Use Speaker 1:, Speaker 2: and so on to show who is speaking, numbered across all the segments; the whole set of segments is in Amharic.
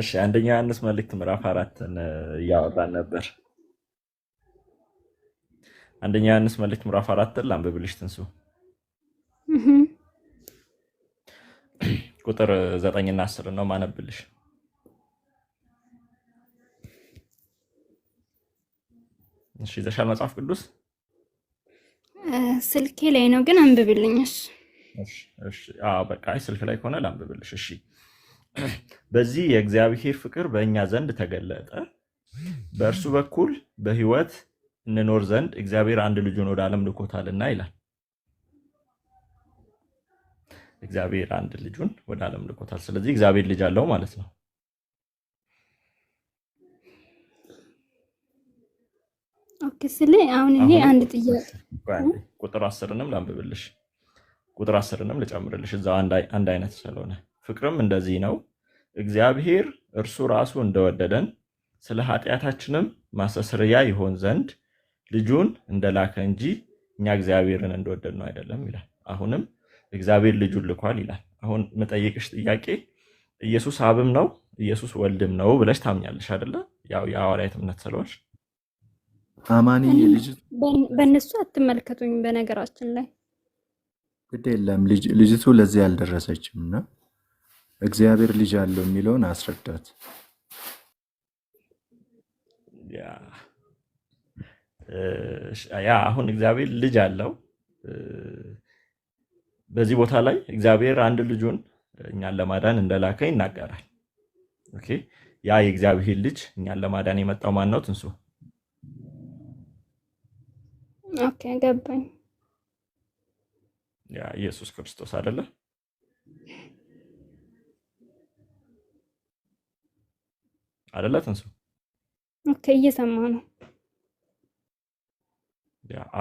Speaker 1: እሺ አንደኛ ዮሐንስ መልእክት ምዕራፍ አራትን እያወራን ነበር። አንደኛ ዮሐንስ መልእክት ምዕራፍ አራትን ላንብብልሽ ትንሱ ቁጥር ዘጠኝና አስር ነው ማነብልሽ። እሺ ይዘሻል መጽሐፍ ቅዱስ
Speaker 2: ስልኬ ላይ ነው ግን አንብብልኝ። እሺ
Speaker 1: እሺ፣ አዎ በቃ ስልክ ላይ ከሆነ ላንብብልሽ። እሺ በዚህ የእግዚአብሔር ፍቅር በእኛ ዘንድ ተገለጠ፣ በእርሱ በኩል በሕይወት እንኖር ዘንድ እግዚአብሔር አንድ ልጁን ወደ ዓለም ልኮታልና ይላል። እግዚአብሔር አንድ ልጁን ወደ ዓለም ልኮታል። ስለዚህ እግዚአብሔር ልጅ አለው ማለት ነው።
Speaker 2: ኦኬ። ስለ አሁን እኔ አንድ ጥያቄ
Speaker 1: ቁጥር አስርንም ላንብብልሽ፣ ቁጥር አስርንም ልጨምርልሽ እዛው አንድ አይነት ስለሆነ ፍቅርም እንደዚህ ነው እግዚአብሔር እርሱ ራሱ እንደወደደን ስለ ኃጢአታችንም ማሰስርያ ይሆን ዘንድ ልጁን እንደላከ እንጂ እኛ እግዚአብሔርን ነው አይደለም ይላል። አሁንም እግዚአብሔር ልጁን ልኳል ይላል። አሁን መጠየቅሽ ጥያቄ ኢየሱስ አብም ነው ኢየሱስ ወልድም ነው ብለሽ ታምኛለሽ አደለ ያው የሐዋርያት እምነት ስለሆንሽ አማኒ
Speaker 2: በእነሱ አትመልከቱኝ። በነገራችን ላይ
Speaker 1: ግድ የለም ልጅቱ ለዚህ አልደረሰችም እና እግዚአብሔር ልጅ አለው የሚለውን አስረዳት። ያ አሁን እግዚአብሔር ልጅ አለው። በዚህ ቦታ ላይ እግዚአብሔር አንድ ልጁን እኛን ለማዳን እንደላከ ይናገራል። ኦኬ ያ የእግዚአብሔር ልጅ እኛን ለማዳን የመጣው ማን ነው? ትንሱ
Speaker 2: ኦኬ ገባኝ።
Speaker 1: ያ ኢየሱስ ክርስቶስ አይደለም አይደለ ትንሱ?
Speaker 2: ኦኬ እየሰማ ነው።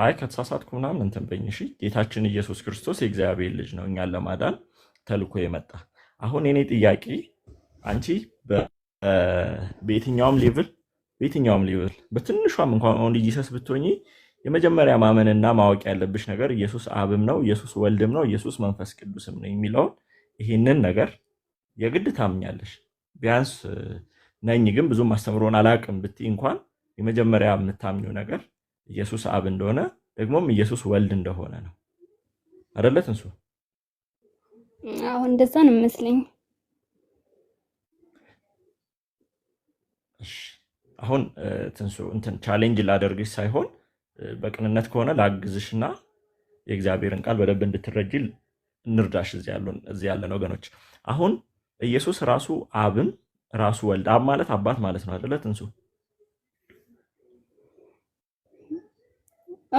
Speaker 1: አይ ከተሳሳትኩ ምናምን እንትን በይኝ እሺ። ጌታችን ኢየሱስ ክርስቶስ የእግዚአብሔር ልጅ ነው እኛን ለማዳን ተልኮ የመጣ አሁን የኔ ጥያቄ አንቺ በየትኛውም ሌቭል በየትኛውም ሌቭል በትንሿም እንኳን ኦንሊ ኢየሱስ ብትሆኚ የመጀመሪያ ማመንና ማወቅ ያለብሽ ነገር ኢየሱስ አብም ነው፣ ኢየሱስ ወልድም ነው፣ ኢየሱስ መንፈስ ቅዱስም ነው የሚለውን ይህንን ነገር የግድ ታምኛለሽ ቢያንስ ነኝ ግን ብዙም አስተምሮን አላቅም ብት እንኳን የመጀመሪያ የምታምኘው ነገር ኢየሱስ አብ እንደሆነ ደግሞም ኢየሱስ ወልድ እንደሆነ ነው አደለ ትንሱ? አሁን እንደዛ ነው አሁን ትንሱ እንትን ቻሌንጅ ላደርግሽ ሳይሆን በቅንነት ከሆነ ላግዝሽና የእግዚአብሔርን ቃል በደንብ እንድትረጅል እንርዳሽ። እዚህ ያለን ወገኖች አሁን ኢየሱስ ራሱ አብም ራሱ ወልድ አብ ማለት አባት ማለት ነው አይደለ? ትንሱ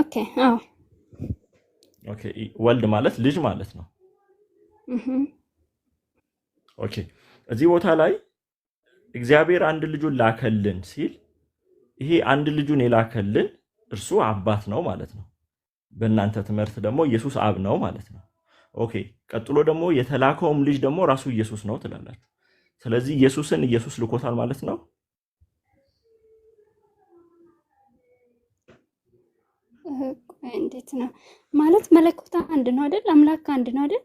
Speaker 1: ኦኬ። አዎ ኦኬ። ወልድ ማለት ልጅ ማለት ነው። ኦኬ። እዚህ ቦታ ላይ እግዚአብሔር አንድ ልጁን ላከልን ሲል ይሄ አንድ ልጁን የላከልን እርሱ አባት ነው ማለት ነው። በእናንተ ትምህርት ደግሞ ኢየሱስ አብ ነው ማለት ነው። ኦኬ። ቀጥሎ ደግሞ የተላከውም ልጅ ደግሞ ራሱ ኢየሱስ ነው ትላላችሁ። ስለዚህ ኢየሱስን ኢየሱስ ልኮታል ማለት ነው።
Speaker 2: እንዴት ነው ማለት መለኮት አንድ ነው አይደል? አምላክ አንድ ነው አይደል?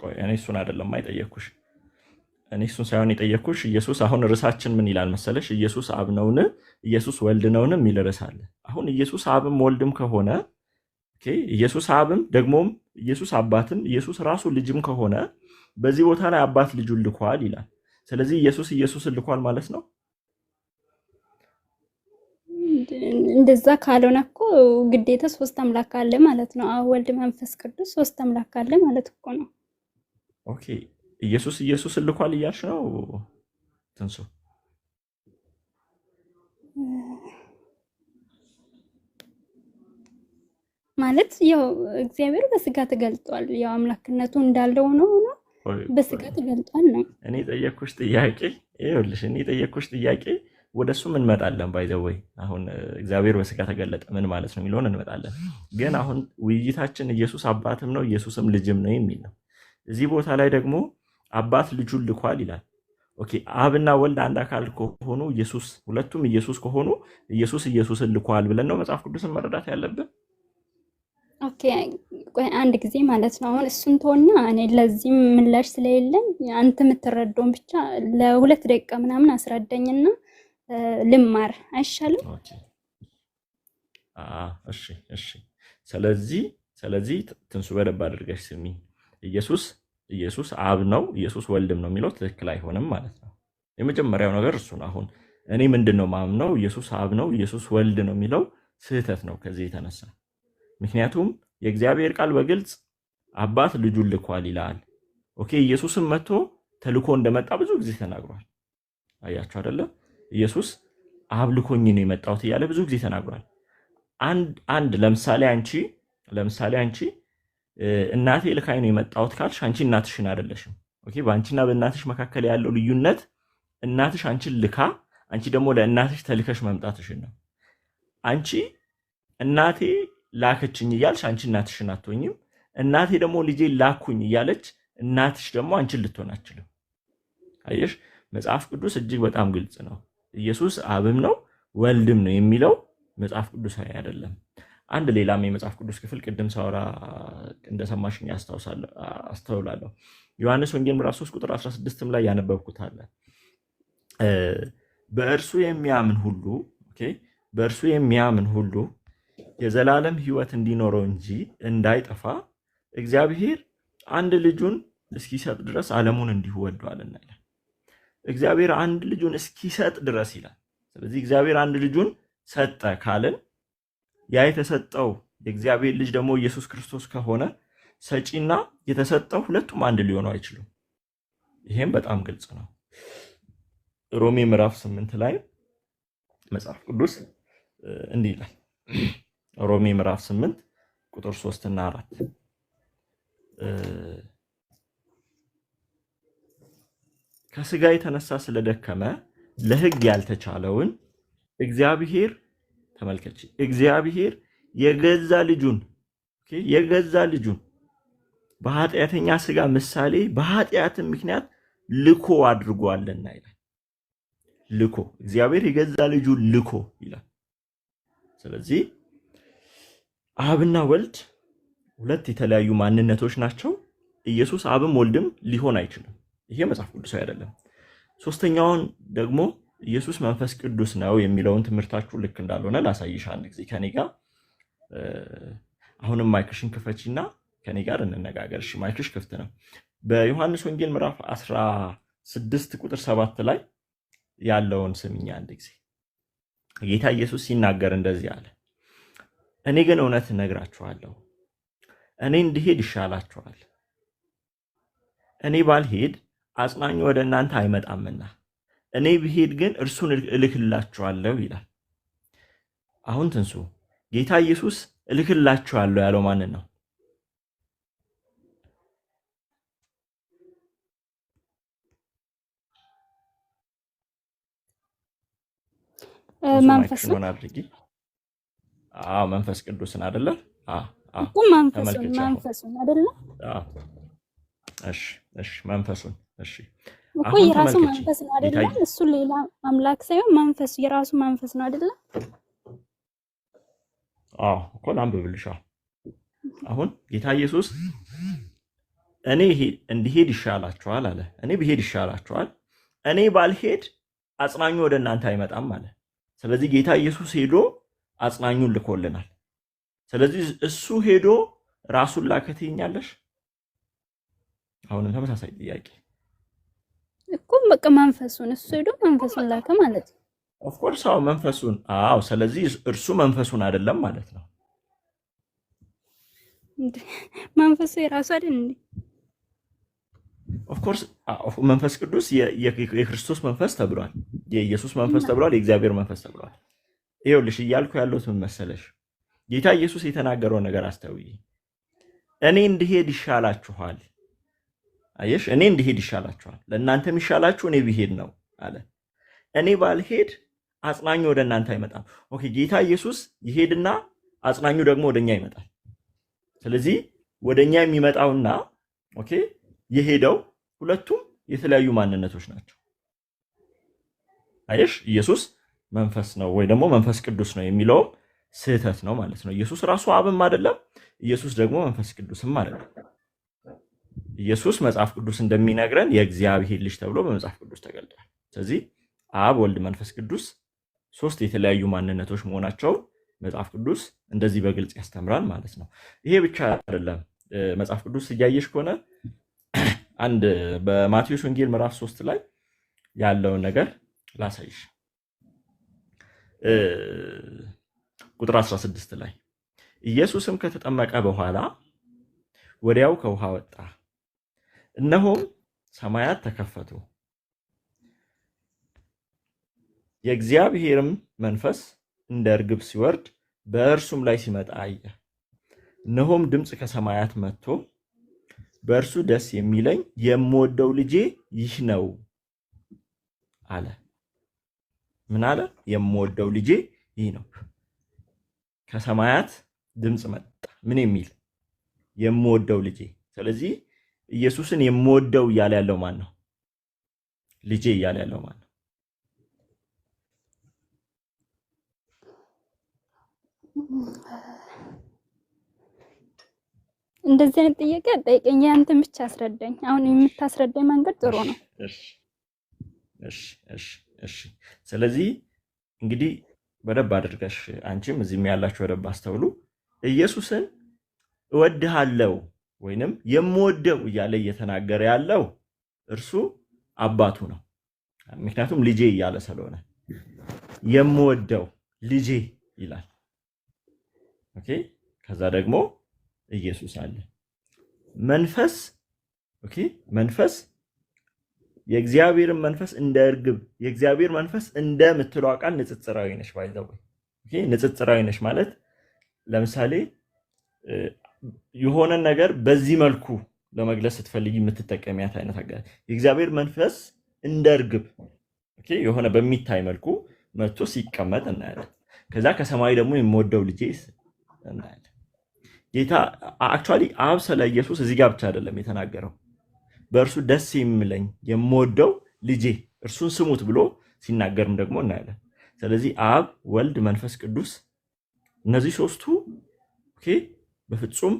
Speaker 1: ቆይ እኔ እሱን አይደለም አይጠየኩሽ። እኔ እሱን ሳይሆን የጠየኩሽ ኢየሱስ አሁን ርዕሳችን ምን ይላል መሰለሽ? ኢየሱስ አብ ነውን? ኢየሱስ ወልድ ነውን? የሚል ርዕስ አለ። አሁን ኢየሱስ አብም ወልድም ከሆነ ኢየሱስ አብም ደግሞም ኢየሱስ አባትም ኢየሱስ ራሱ ልጅም ከሆነ በዚህ ቦታ ላይ አባት ልጁን ልኳል ይላል። ስለዚህ ኢየሱስ ኢየሱስ ልኳል ማለት ነው።
Speaker 2: እንደዛ ካልሆነ እኮ ግዴታ ሶስት አምላክ አለ ማለት ነው። አብ፣ ወልድ፣ መንፈስ ቅዱስ ሶስት አምላክ አለ ማለት እኮ ነው።
Speaker 1: ኦኬ ኢየሱስ ኢየሱስ ልኳል እያልሽ ነው ትንሱ
Speaker 2: ማለት ያው እግዚአብሔር በስጋ ተገልጧል። ያው አምላክነቱ እንዳለው ነው ሆኖ በስጋ ተገልጧል ነው።
Speaker 1: እኔ የጠየኩሽ ጥያቄ ይኸውልሽ፣ እኔ የጠየኩሽ ጥያቄ ወደ እሱም እንመጣለን። ባይዘወይ አሁን እግዚአብሔር በስጋ ተገለጠ ምን ማለት ነው የሚለውን እንመጣለን። ግን አሁን ውይይታችን ኢየሱስ አባትም ነው ኢየሱስም ልጅም ነው የሚል ነው። እዚህ ቦታ ላይ ደግሞ አባት ልጁን ልኳል ይላል። ኦኬ አብና ወልድ አንድ አካል ከሆኑ ኢየሱስ ሁለቱም ኢየሱስ ከሆኑ ኢየሱስ ኢየሱስን ልኳል ብለን ነው መጽሐፍ ቅዱስን መረዳት ያለብን።
Speaker 2: ኦኬ አንድ ጊዜ ማለት ነው። አሁን እሱን ተወና እኔ ለዚህም ምላሽ ስለሌለኝ አንተ የምትረዳውን ብቻ ለሁለት ደቂቃ ምናምን አስረዳኝና ልማር አይሻልም?
Speaker 1: እሺ እሺ። ስለዚህ ስለዚህ ትንሱ በደብ አድርገሽ ስሚ። ኢየሱስ ኢየሱስ አብ ነው፣ ኢየሱስ ወልድም ነው የሚለው ትክክል አይሆንም ማለት ነው። የመጀመሪያው ነገር እሱ ነው። አሁን እኔ ምንድን ነው ማምነው ኢየሱስ አብ ነው፣ ኢየሱስ ወልድ ነው የሚለው ስህተት ነው ከዚህ የተነሳ ምክንያቱም የእግዚአብሔር ቃል በግልጽ አባት ልጁን ልኳል ይላል። ኦኬ ኢየሱስም መጥቶ ተልኮ እንደመጣ ብዙ ጊዜ ተናግሯል። አያችሁ አይደለም? ኢየሱስ አብ ልኮኝ ነው የመጣሁት እያለ ብዙ ጊዜ ተናግሯል። አንድ አንድ ለምሳሌ አንቺ ለምሳሌ አንቺ እናቴ ልካኝ ነው የመጣሁት ካልሽ አንቺ እናትሽን አይደለሽም። ኦኬ በአንቺና በእናትሽ መካከል ያለው ልዩነት እናትሽ አንቺን ልካ አንቺ ደግሞ ለእናትሽ ተልከሽ መምጣትሽን ነው። አንቺ እናቴ ላከችኝ እያልሽ አንቺ እናትሽን አትሆኝም። እናቴ ደግሞ ልጄ ላኩኝ እያለች እናትሽ ደግሞ አንቺን ልትሆን አችልም። አየሽ፣ መጽሐፍ ቅዱስ እጅግ በጣም ግልጽ ነው። ኢየሱስ አብም ነው ወልድም ነው የሚለው መጽሐፍ ቅዱስ አይደለም። አንድ ሌላም የመጽሐፍ ቅዱስ ክፍል ቅድም ሳውራ እንደሰማሽኝ አስተውላለሁ። ዮሐንስ ወንጌል ምዕራፍ 3 ቁጥር 16ም ላይ ያነበብኩት አለ በእርሱ የሚያምን ሁሉ በእርሱ የሚያምን ሁሉ የዘላለም ሕይወት እንዲኖረው እንጂ እንዳይጠፋ እግዚአብሔር አንድ ልጁን እስኪሰጥ ድረስ ዓለሙን እንዲሁ ወዷልና ይላል። እግዚአብሔር አንድ ልጁን እስኪሰጥ ድረስ ይላል። ስለዚህ እግዚአብሔር አንድ ልጁን ሰጠ ካልን ያ የተሰጠው የእግዚአብሔር ልጅ ደግሞ ኢየሱስ ክርስቶስ ከሆነ ሰጪና የተሰጠው ሁለቱም አንድ ሊሆኑ አይችሉም። ይሄም በጣም ግልጽ ነው። ሮሜ ምዕራፍ ስምንት ላይ መጽሐፍ ቅዱስ እንዲህ ይላል ሮሜ ምዕራፍ 8 ቁጥር 3 እና 4 ከስጋ የተነሳ ስለደከመ ለህግ ያልተቻለውን እግዚአብሔር ተመልከች፣ እግዚአብሔር የገዛ ልጁን የገዛ ልጁን በኃጢአተኛ ስጋ ምሳሌ በኃጢአትም ምክንያት ልኮ አድርጓልና ይላል። ልኮ እግዚአብሔር የገዛ ልጁን ልኮ ይላል። ስለዚህ አብና ወልድ ሁለት የተለያዩ ማንነቶች ናቸው። ኢየሱስ አብም ወልድም ሊሆን አይችልም። ይሄ መጽሐፍ ቅዱሳዊ አይደለም። ሶስተኛውን ደግሞ ኢየሱስ መንፈስ ቅዱስ ነው የሚለውን ትምህርታችሁ ልክ እንዳልሆነ ላሳይሽ። አንድ ጊዜ ከኔ ጋር አሁንም ማይክሽን ክፈች ክፈቺና ከኔ ጋር እንነጋገር። እሺ ማይክሽ ክፍት ነው። በዮሐንስ ወንጌል ምዕራፍ 16 ቁጥር 7 ላይ ያለውን ስምኛ አንድ ጊዜ ጌታ ኢየሱስ ሲናገር እንደዚህ አለ እኔ ግን እውነት እነግራችኋለሁ፣ እኔ እንድሄድ ይሻላችኋል። እኔ ባልሄድ አጽናኙ ወደ እናንተ አይመጣምና እኔ ብሄድ ግን እርሱን እልክላችኋለሁ ይላል። አሁን ትንሱ ጌታ ኢየሱስ እልክላችኋለሁ ያለው ማንን ነው?
Speaker 2: መንፈስ ነው።
Speaker 1: አዎ መንፈስ ቅዱስን አይደለ? እኮ መንፈሱን እሺ
Speaker 2: እኮ የራሱ መንፈስ ነው አይደለ? እሱ ሌላ አምላክ ሳይሆን መንፈሱ የራሱ መንፈስ ነው አይደለ?
Speaker 1: አዎ እኮ ላንብብልሻ። አሁን ጌታ ኢየሱስ እኔ እንዲሄድ ይሻላችኋል አለ። እኔ ብሄድ ይሻላችኋል፣ እኔ ባልሄድ አጽናኙ ወደ እናንተ አይመጣም አለ። ስለዚህ ጌታ ኢየሱስ ሄዶ አጽናኙን ልኮልናል። ስለዚህ እሱ ሄዶ ራሱን ላከ ትይኛለሽ? አሁንም ተመሳሳይ ጥያቄ
Speaker 2: እኮ በቃ መንፈሱን እሱ ሄዶ መንፈሱን ላከ ማለት ነው።
Speaker 1: ኦፍኮርስ አዎ መንፈሱን። አዎ ስለዚህ እርሱ መንፈሱን አይደለም ማለት ነው።
Speaker 2: መንፈሱ የራሱ አይደል እንዴ?
Speaker 1: ኦፍኮርስ መንፈስ ቅዱስ የክርስቶስ መንፈስ ተብሏል፣ የኢየሱስ መንፈስ ተብሏል፣ የእግዚአብሔር መንፈስ ተብሏል። ይኸውልሽ እያልኩ ያለሁት ምን መሰለሽ፣ ጌታ ኢየሱስ የተናገረው ነገር አስተውይ። እኔ እንድሄድ ይሻላችኋል። አየሽ፣ እኔ እንድሄድ ይሻላችኋል፣ ለእናንተ የሚሻላችሁ እኔ ብሄድ ነው አለ። እኔ ባልሄድ አጽናኙ ወደ እናንተ አይመጣም። ኦኬ፣ ጌታ ኢየሱስ ይሄድና አጽናኙ ደግሞ ወደኛ ይመጣል። ስለዚህ ወደኛ የሚመጣውና ኦኬ የሄደው ሁለቱም የተለያዩ ማንነቶች ናቸው። አየሽ ኢየሱስ መንፈስ ነው ወይ ደግሞ መንፈስ ቅዱስ ነው የሚለውም ስህተት ነው ማለት ነው። ኢየሱስ ራሱ አብም አይደለም፣ ኢየሱስ ደግሞ መንፈስ ቅዱስም አይደለም። ኢየሱስ መጽሐፍ ቅዱስ እንደሚነግረን የእግዚአብሔር ልጅ ተብሎ በመጽሐፍ ቅዱስ ተገልጧል። ስለዚህ አብ፣ ወልድ፣ መንፈስ ቅዱስ ሶስት የተለያዩ ማንነቶች መሆናቸውን መጽሐፍ ቅዱስ እንደዚህ በግልጽ ያስተምራል ማለት ነው። ይሄ ብቻ አይደለም። መጽሐፍ ቅዱስ እያየሽ ከሆነ አንድ በማቴዎስ ወንጌል ምዕራፍ ሶስት ላይ ያለውን ነገር ላሳይሽ። ቁጥር 16 ላይ ኢየሱስም ከተጠመቀ በኋላ ወዲያው ከውሃ ወጣ፣ እነሆም ሰማያት ተከፈቱ፣ የእግዚአብሔርም መንፈስ እንደ እርግብ ሲወርድ በእርሱም ላይ ሲመጣ አየ። እነሆም ድምፅ ከሰማያት መጥቶ በእርሱ ደስ የሚለኝ የምወደው ልጄ ይህ ነው አለ። ምን አለ? የምወደው ልጄ ይህ ነው። ከሰማያት ድምፅ መጣ። ምን የሚል የምወደው ልጄ። ስለዚህ ኢየሱስን የምወደው እያለ ያለው ማን ነው? ልጄ እያለ ያለው ማን ነው?
Speaker 2: እንደዚህ አይነት ጥያቄ ጠይቀኝ። ያንተን ብቻ አስረዳኝ። አሁን የምታስረዳኝ መንገድ ጥሩ ነው።
Speaker 1: እሺ እሺ እሺ። ስለዚህ እንግዲህ በደብ አድርገሽ አንቺም እዚህም ያላችሁ በደብ አስተውሉ። ኢየሱስን እወድሃለው ወይንም የምወደው እያለ እየተናገረ ያለው እርሱ አባቱ ነው። ምክንያቱም ልጄ እያለ ስለሆነ የምወደው ልጄ ይላል። ኦኬ። ከዛ ደግሞ ኢየሱስ አለ መንፈስ ኦኬ መንፈስ የእግዚአብሔርን መንፈስ እንደ እርግብ የእግዚአብሔር መንፈስ እንደ ምትሏ ቃል ንጽጽራዊ ነሽ ባይዘው ንጽጽራዊ ነች ማለት ለምሳሌ የሆነን ነገር በዚህ መልኩ ለመግለጽ ስትፈልጊ የምትጠቀሚያት አይነት አጋ የእግዚአብሔር መንፈስ እንደ እርግብ የሆነ በሚታይ መልኩ መጥቶ ሲቀመጥ እናያለን። ከዛ ከሰማይ ደግሞ የምወደው ልጄ እናያለን። ጌታ አክቹዋሊ አብ ስለ ኢየሱስ እዚህ ጋር ብቻ አይደለም የተናገረው በእርሱ ደስ የሚለኝ የምወደው ልጄ እርሱን ስሙት ብሎ ሲናገርም ደግሞ እናያለን። ስለዚህ አብ፣ ወልድ፣ መንፈስ ቅዱስ እነዚህ ሶስቱ በፍጹም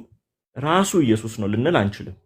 Speaker 1: ራሱ ኢየሱስ ነው ልንል አንችልም።